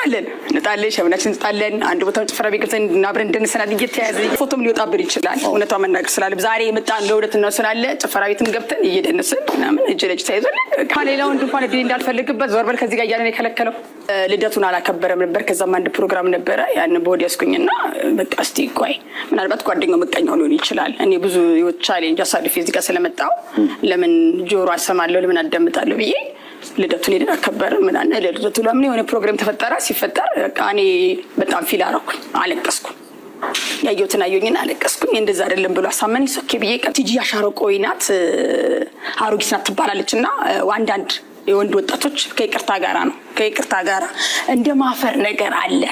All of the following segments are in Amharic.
እንወጣለን፣ እንጣለን፣ ሸምናችን እንጣለን። አንድ ቦታ ጭፈራ ቤት ገብተን አብረን እንድንሰናል እየተያያዘ ፎቶም ሊወጣብን ይችላል። እውነቷ መናገር ስላለ ዛሬ የመጣን ለሁለት ነው ስላለ ጭፈራ ቤትም ገብተን እየደነስን ምናምን እጅ ለእጅ ተያይዞን ከሌላ ወንድ እንኳን እድል እንዳልፈልግበት ዞር በል ከዚህ ጋር እያለን የከለከለው ልደቱን አላከበረም ነበር። ከዛም አንድ ፕሮግራም ነበረ ያን በወዲ ያስኩኝና በቃ እስቲ ቆይ ምናልባት ጓደኛው መቀኛው ሊሆን ይችላል። እኔ ብዙ ቻሌንጅ አሳልፌ እዚህ ጋር ስለመጣሁ ለምን ጆሮ አሰማለሁ ለምን አዳምጣለሁ ብዬ ልደቱን ሄደን አከበርን ምናምን። ለልደቱ ለምን የሆነ ፕሮግራም ተፈጠረ። ሲፈጠር እኔ በጣም ፊል አደረኩኝ፣ አለቀስኩ። ያየሁትን አየሁኝን አለቀስኩኝ። እንደዛ አይደለም ብሎ አሳመን ሶኬ ብዬ ቲጂ አሻሮቆይ ናት አሮጊት ናት ትባላለች እና አንዳንድ የወንድ ወጣቶች ከይቅርታ ጋራ ነው ከይቅርታ ጋራ እንደ ማፈር ነገር አለ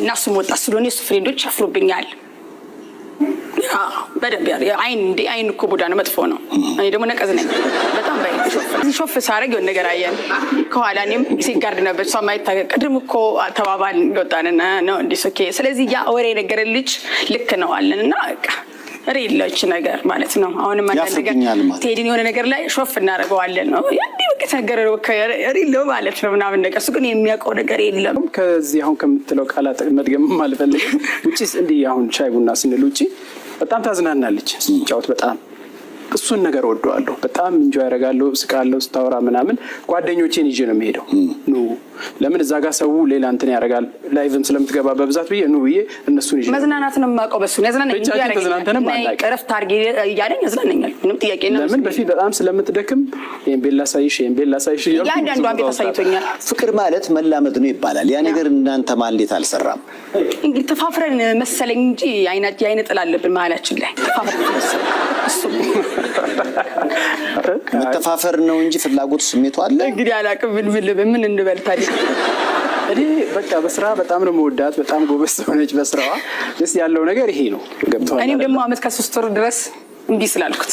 እና እሱም ወጣት ስለሆነ የሱ ፍሬንዶች አፍሮብኛል በደንብ ያ አይን እንደ አይን እኮ ቡዳ ነው፣ መጥፎ ነው። እኔ ደግሞ ነቀዝ ነኝ በጣም በይ። ሾፍ ሳረግ የሆነ ነገር አየን ከኋላ እኔም ሲጋርድ ነበር እሷ ማይታ ቅድም እኮ ተባባል እንደወጣን ነው እንዲስ ኦኬ። ስለዚህ ያ ወሬ የነገረን ልጅ ልክ ነው አለን እና ሬሎች ነገር ማለት ነው። አሁንም አንዳንድ ነገር ቴዲን የሆነ ነገር ላይ ሾፍ እናደርገዋለን ነው እንዲህ በቃ የተነገረ ሬሎ ማለት ነው ምናምን ነገር እሱ ግን የሚያውቀው ነገር የለም። ከዚህ አሁን ከምትለው ቃላት መድገም አልፈልግም። ውጭ እንዲህ አሁን ቻይ ቡና ስንል ውጭ በጣም ታዝናናለች ጫወት በጣም እሱን ነገር ወደዋለሁ። በጣም እንጆ ያደርጋለሁ፣ ስቃለሁ፣ ስታወራ ምናምን ጓደኞቼን ይዤ ነው የሚሄደው። ኑ ለምን እዛ ጋር ሰው ሌላ እንትን ያደርጋል፣ ላይቭም ስለምትገባ በብዛት ብዬ ኑ ብዬ እነሱን ይዤ መዝናናት ነው የማውቀው። በሱ ተዝናንተንም ረፍት አድርጌ እያለኝ ያዝናናኛል። ምንም ጥያቄ ለምን በፊት በጣም ስለምትደክም ይሄን ቤት ላሳይሽ፣ ይሄን ቤት ላሳይሽ እያንዳንዷን ቤት አሳይቶኛል። ፍቅር ማለት መላመድ ነው ይባላል። ያ ነገር እናንተ ማ እንዴት አልሰራም? እንግዲህ ተፋፍረን መሰለኝ እንጂ የአይነ ጥላ አለብን መሀላችን ላይ ተፋፍረን መሰለኝ እሱ መተፋፈር ነው እንጂ ፍላጎት ስሜቱ አለ። እንግዲህ አላቅም ብልብል ምን እንበል ታዲያ። እኔ በቃ በስራ በጣም ነው መወዳት፣ በጣም ጎበዝ ሆነች በስራዋ ደስ ያለው ነገር ይሄ ነው። ገብተዋል። እኔም ደግሞ አመት ከሶስት ወር ድረስ እምቢ ስላልኩት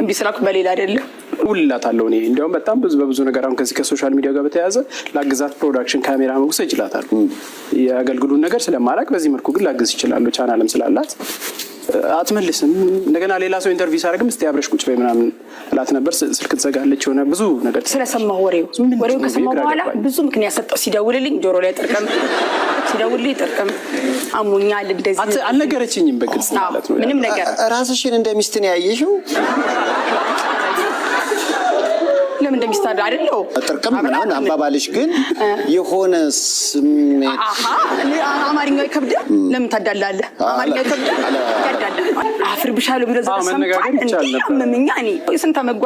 እምቢ ስላልኩት በሌላ አይደለም እውልላታለሁ። እኔ እንዲያውም በጣም ብዙ በብዙ ነገር አሁን ከዚህ ከሶሻል ሚዲያ ጋር በተያያዘ ላግዛት፣ ፕሮዳክሽን ካሜራ መውሰድ ይችላታል። የአገልግሉን ነገር ስለማላቅ በዚህ መልኩ ግን ላግዝ ይችላሉ። ቻናልም ስላላት አትመልስም። እንደገና ሌላ ሰው ኢንተርቪው ሳደርግም እስቲ አብረሽ ቁጭ በይ ምናምን እላት ነበር። ስልክ ትዘጋለች። የሆነ ብዙ ነገር ስለሰማሁ ወሬው ወሬው ከሰማሁ በኋላ ብዙ ምክንያት ሰጠው። ሲደውልልኝ ጆሮ ላይ ጥርቅም፣ ሲደውልልኝ ጥርቅም አሞኛል፣ እንደዚህ አልነገረችኝም። በግልጽ ማለት ነው ምንም ነገር ራስሽን እንደሚስትን ያየሽው መሳደብ አይደለሁም። ጥርቅም ምናምን አባባልሽ ግን የሆነ ስሜት አማርኛ ይከብደ። ለምን ታዳላለ አማርኛ ይከብደ አፍርብሻለሁ። እንደዛ ሰምቷል እንዲያምምኛ እኔ ስንት ዓመት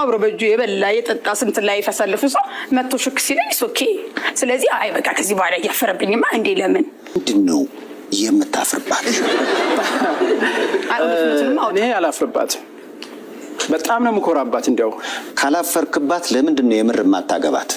አብሮ በእጁ የበላ የጠጣ ስንት ላይ ፈሳለፉ ሰው መቶ ሽክ ሲለኝ ሶኬ። ስለዚህ አይ በቃ ከዚህ በኋላ እያፈረብኝማ እንዴ ለምን ምንድን ነው የምታፍርባት? እኔ አላፍርባትም በጣም ነው የምኮራባት። እንዲያው ካላፈርክባት ለምንድን ነው የምር የማታገባት?